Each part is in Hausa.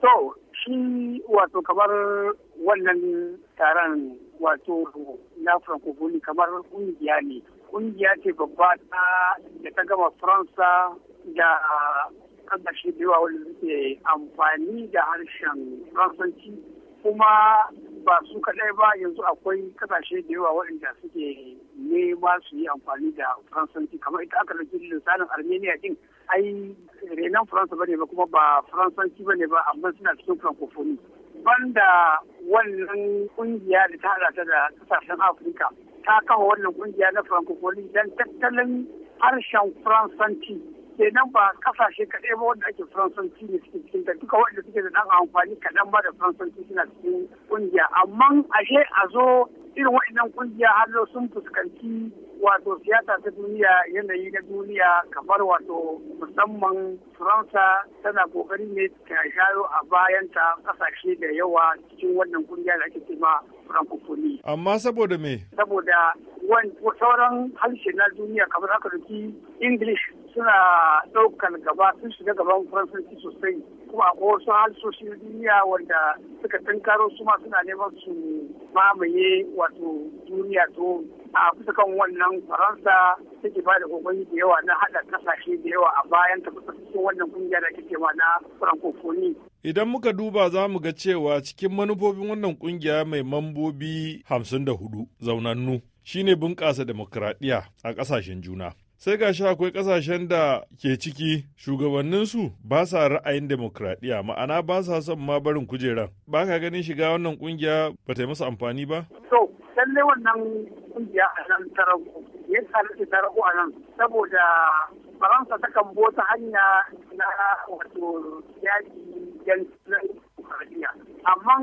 so shi wato kamar wannan taron wato na francophone kamar kungiya ne. Kungiya ce babba ta da ta gama Faransa da kasashe da yawa wanda suke amfani da harshen Faransanci kuma ba su kaɗai ba yanzu akwai kasashe da yawa waɗanda suke ne ba su yi amfani da faransanci kamar ita aka ɗauki lissanin armenia din ai renan faransa bane ba kuma ba faransanci ba ne ba amma suna cikin ban banda wannan kungiya da ta haɗa da kasashen afirka ta kawo wannan kungiya na francophony dan tattalin harshen faransanci kenan ba kasashe kaɗai ba wanda ake faransanci ne suke cikin da duka wanda suke da ɗan amfani kaɗan ba da faransanci suna cikin kungiya amma ashe a zo irin waɗannan kungiya har sun fuskanci wato siyasa ta duniya yanayi na duniya kamar wato musamman faransa tana kokari ne ta shayo a bayanta kasashe da yawa cikin wannan kungiya da ake cema francophonie amma saboda me saboda sauran harshe na duniya kamar aka da english suna ɗaukar gaba sun shiga gaban faransanci sosai kuma akwai wasu halsoshi duniya wanda suka tunkaro su ma suna neman su mamaye wato duniya to a kusa kan wannan faransa take ba da da yawa na haɗa kasashe da yawa a bayan ta kusa cikin wannan kungiya da ke cewa na francophonie Idan muka duba za mu ga cewa cikin manufofin wannan kungiya mai mambobi 54 zaunannu shine bunƙasa demokradiyya a ƙasashen juna. sai ga shi akwai kasashen da ke ciki shugabanninsu ba sa ra'ayin demokradiyya ma'ana ba sa son ma barin kujeran ba ka ganin shiga wannan kungiya ba ta yi masa amfani ba? to lallai wannan kungiya a nan tarago ya halitta tarago a nan saboda faransa ta kan bota hanya na wato yaki yan amma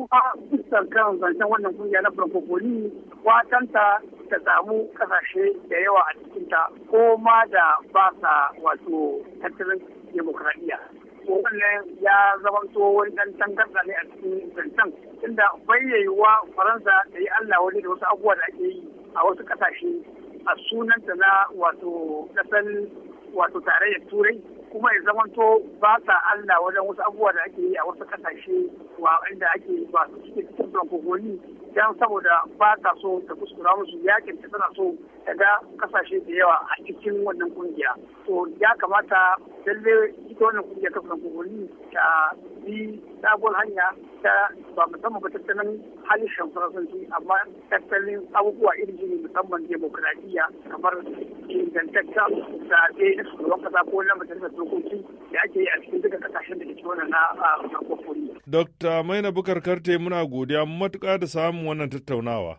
kuma dukkan kan zancen wannan kungiya na francophonie watanta ta samu kasashe da yawa a cikinta ko ma da ba sa wato tattalin demokradiyya wannan ya zamanto wani dan tangarda ne a cikin zancen yi wa faransa da yi allah wani da wasu abubuwa da ake yi a wasu kasashe a sunanta na wato ƙasar wato tarayyar turai kuma ya to ba sa allah wajen wasu abubuwa da ake yi a wasu kasashe wa inda ake ba su cikin kogoni don saboda ba ta so ta kuskura musu yakin ta tana so ta ga kasashe da yawa a cikin wannan kungiya to ya kamata lalle ita wannan kungiya ta kuma ta bi sabon hanya ta ba musamman ba tattalin halishan faransanci amma tattalin abubuwa irin jini musamman demokradiyya kamar ingantaccen zaɓe na shugaban kasa ko na majalisar dokoki da ake yi a cikin duka kasashen da ke cikin wannan na Dr. Maina Bukar Karte muna godiya matuƙa da samun wannan tattaunawa.